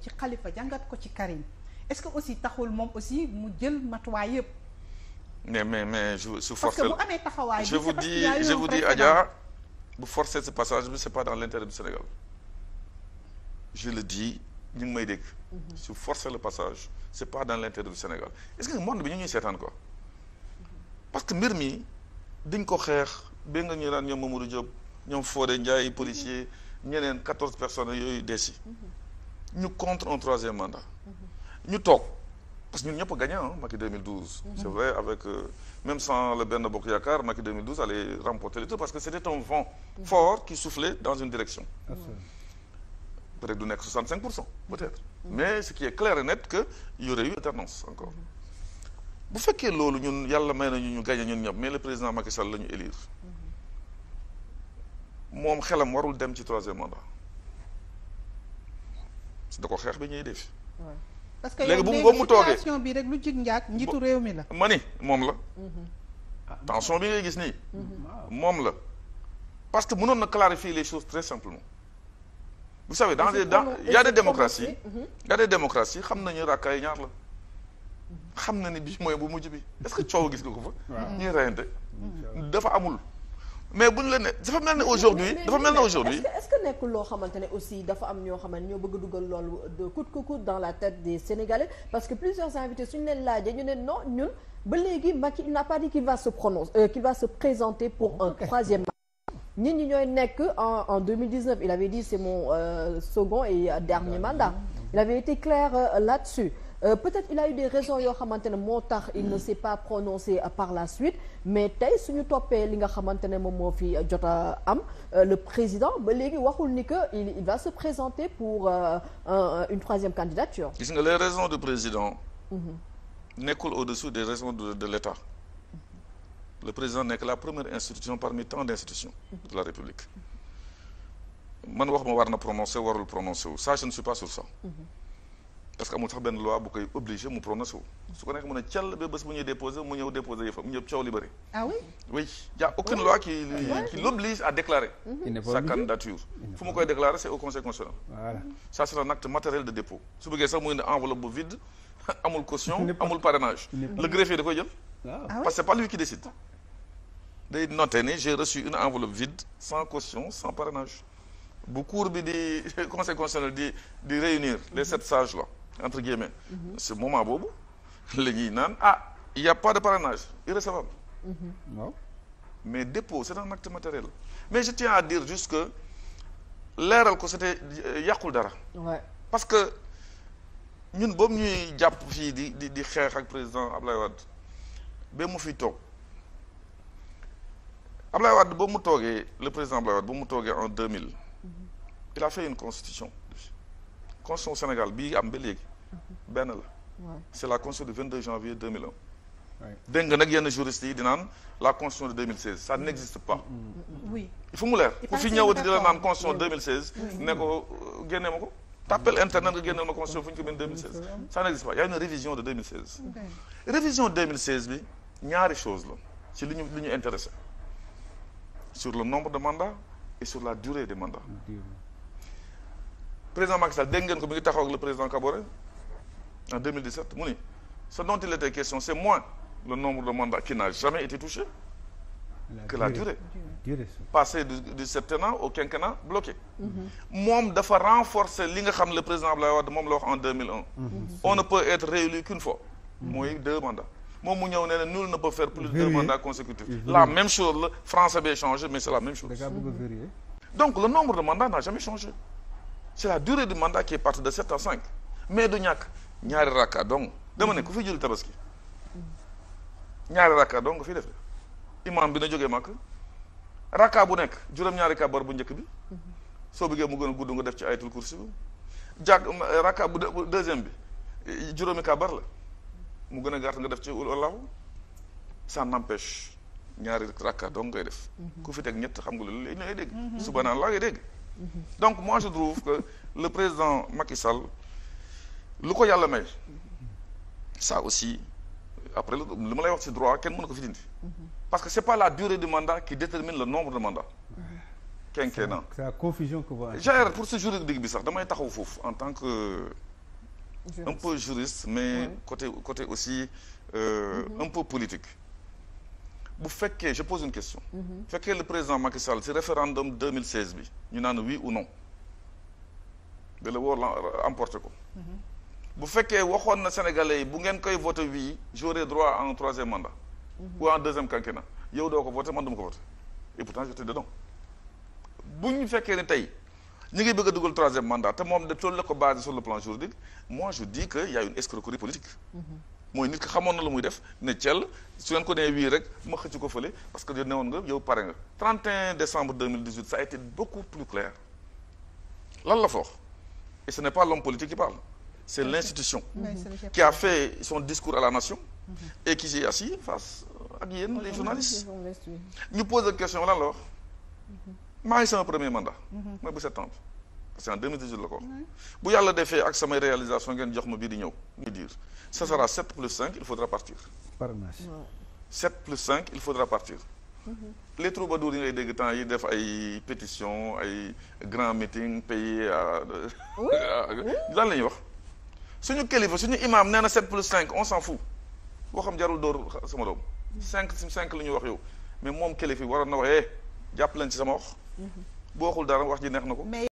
ci Khalifa jàngat ko ci Karim est-ce que aussi taxul moom aussi mu jël matuwaay yëpp. mais mais mais je su forcé parce que bu amee taxawaay je vous dis je vous dis Adja bu forcer ce passage bi c'est pas dans l'intérêt du Sénégal je le dis ñu ngi may dégg. Mhm. su force le passage c'est pas dans l'intérêt du Sénégal est-ce que monde bi ñu ñuy seetaan ko parce que mbir mi dañ ko xeex ba nga ñuy naan ñoom Mamadou Diop ñoom Fodé Ndiaye policier mhm. ñeneen quatorze personnes yooyu desi mhm. ñu contre un troisième mandat. ñu toog parce que ñun ñëpp a gagné ah Macky 2012. c' est avec euh, même sans le benn Bokk Yaakaar Macky 2012 allait remporter le tout parce que c' était un vent mhm. fort qui soufflait dans une direction. Ah, peut-être du nekk cinq pour cent peut-être. Mhm. mais ce qui est clair et net que y aurait eu alternance encore. Mhm. bu fekkee loolu ñun yàlla may nañu ñu gagné ñun ñëpp mais le président Macky Sall la ñu élire. moom xelam warul dem ci troisième mandat. da ko xeex bi ñuy def. parce que léegi bu mu mu toogee situation bi rek lu jig njaag njiitu réew mi la. ma ni moom la. Mhm. Ah, tension bi ngay gis nii. Mhm. moom la parce que mënoon na clarifier les choses très simplement. vous savez dans des dans y a des démocraties mhm. y a des démocraties xam nañu rakkaay ñaar la. xam na ni bii mooy bu mujj bi est-ce que coow gis nga ko fa. ñuy reyante dafa amul. mais buñ la ne dafa ne aujourd'hui est-ce que nekkul loo xamante ne aussi dafa am ñoo xamante ñoo bëgg dugal lool de coûte que coûte dans la tête des Sénégalais parce que plusieurs invités suñu leen laajee ñu ne non ñun ba léegi il n'a pas dit qu'il va se euh, présenter pour un troisième nit ñi ñooy nekk en en 2019 il avait dit c'est mon euh, second et dernier mandat il avait été clair euh, là-dessus Euh, peut-être il a eu des raisons yoo xamante ne moo tax il ne s'est pas prononcé euh, par la suite mais tey suñu toppee li nga xamante ne moom moo fi euh, jot am le président ba léegi waxul ni que il va se présenter pour un une troisième candidature gis nga les raisons du président mhm. nekkul au-dessous des raisons de, de l'État mhm. le président nekk la première institution parmi tant d'institutions mhm. de la République man wax ma war na prononcer warul prononcer wu ça je ne suis pas sur ça parce que amul sax benn loi bu koy obligé mu prononcé wu su ko nekk mën a call ba bés bu ñuy déposé mu ñëw déposé yëfam ñëpp coow li bëri ah oui oui y a aucune loi qui qui l'oblige à mm-hmm. sa candidature fu mu koy déclarer c'est au conseil constitutionnel voilà ça c'est un acte de dépôt su bëggee sax muy ne enveloppe bu vide amul caution amul parrainage le greffier da koy jël ah. Ah parce que c'est pas lui qui décide day noté ne j'ai reçu une enveloppe vide sans caution bu cour bi di conseil constitutionnel di di réunir les mm-hmm. sept sages là entre guillemets. Mhm. ce moment boobu la ñuy naan ah il y a de parrainage irrecevable. Mhm. waaw mais dépôt c'est un acte matériel mais je tiens à dire juste que leeral ko c'était euh, yàqul dara. parce que ñun boobu ñuy jàpp fii di di di xeex ak président Ablaye Wade ba mu fi toog Ablaye Wade ba mu toogee le président Ablaye Wade ba mu toogee en 2000 mhm. il a fait une constitution constitution Sénégal bii am ba léegi. benn la c'est la constitution de 22 janvier 2001 dégg nga nag yenn juristes yi di naan la constitution de 2016 ça n'existe pas mm, mm, mm, oui il faut mu leer ku fi ñëwati di la naan constitution 2016 ne ko euh, génnee ma ko tapel internet nga génneel ma constitution fu ñu ko bind 2016 ça n'existe pas il y a une révision de 2016 révision 2016 bi ñaari chose la si li ñu li ñu intéressé sur le nombre de manda et sur la durée des mandats président Macky Sall dégg ngeen ko mi ngi taxaw le président Kaboré en 2017 mu ni ce dont il était question c'est moins le nombre de mandats qui n'a jamais été touché que durée. la durée, durée. passer du, du septennat au quinquennat bloqué mhm. moom dafa renforcer li nga xam le président Abdoulaye Wade moom la wax en 2001 mhm. mhm. on ne peut être réélu qu'une fois mooy deux mandats moom mu ñëw ne ne nul ne peut faire plus deux mandats consécutifs la même chose la français bi changé mais c'est la même chose donc le nombre de mandats n'a jamais changé c'est la durée du mandat qui ñaari rakka dong dama ku fi jël tabaski ñaari rakka dong nga fi def defee imaam bi na jógee mag rakka bu nekk juróom-ñaari kabar bu njëkk bi soo bëggee mu gën a gudd nga def ci ayatul kursi bi jàkk rakka bu deuxième bi juróomi kabar la mu gën a gàtt nga def ci wallahu ça n'empêche ñaari rakka dong ngay def mhm. ku fi teg ñett xam nga loolu léegi ngay dégg mhm. subhanallah ngay dégg mhm. donc moi je trouve que le président Macky Sall lu ko yàlla may sa aussi après lu ma lay wax ci droit kenn mën na ko fi dindi parce que c'est pas la durée du mandat qui détermine le nombre de mandats quinquennat c'est la confusion que vous avez pour ce bi sax damay taxaw foofu en tan que juriste. un peu juriste mais côté côté aussi euh, mm un peu politique bu fekkee je pose une question mm-hmm. bu fekkee le président Macky Sall ci référendum 2016 bi ñu naan wi ou non da la wóor la euh, ko mm-hmm. bu fekkee waxoon na sénégalais yi bu ngeen koy voté wii j'aurai droit en un troisième mandat. Mhm. ou à un deuxième quinquennat yow doo ko voté man du ma ko voté et pourtant j'étais dedans bu ñu fekkee ne tey ñi ngi bëgg dugal troisième mandat te moom de tool la ko basé sur le plan juridique moi je dis que y a une escroquerie politique. Mhm. mooy nit ki xamoon na lu muy def ne Thiel su ngeen ko nee wii rek ma xëcc ko fële parce que ne woon nga yow pare nga. 31 décembre 2018 ça a été beaucoup plus lan la foox et ce n'est pas c'est l'institution qui a fait son discours à la nation mhm. et qui s'est assis face ak yéen les journalistes ñu pose question lan la wax maa ngi sama premier mandat mhm. mooy bu septembre parce que en 2018 la ko bu yàlla defee ak samay réalisation ngeen jox ma bii di ñëw ñu dire ce sera 7 mhm. plus 5 il faudra partir 7 plus 5 il faudra partir les troubadours yi ngay dégg temps ay pétition ay grand meeting payé à la ñuy wax suñu kilifa suñu imam nee na 7 plus 5 on s'en fout boo xam jarul dóor sama doom. 5 5 la ñuy wax yow mais moom kilifa yi waroon na waxee eh, jàpp leen si sama wax. Mhm. boo waxul dara wax ji neex na ko.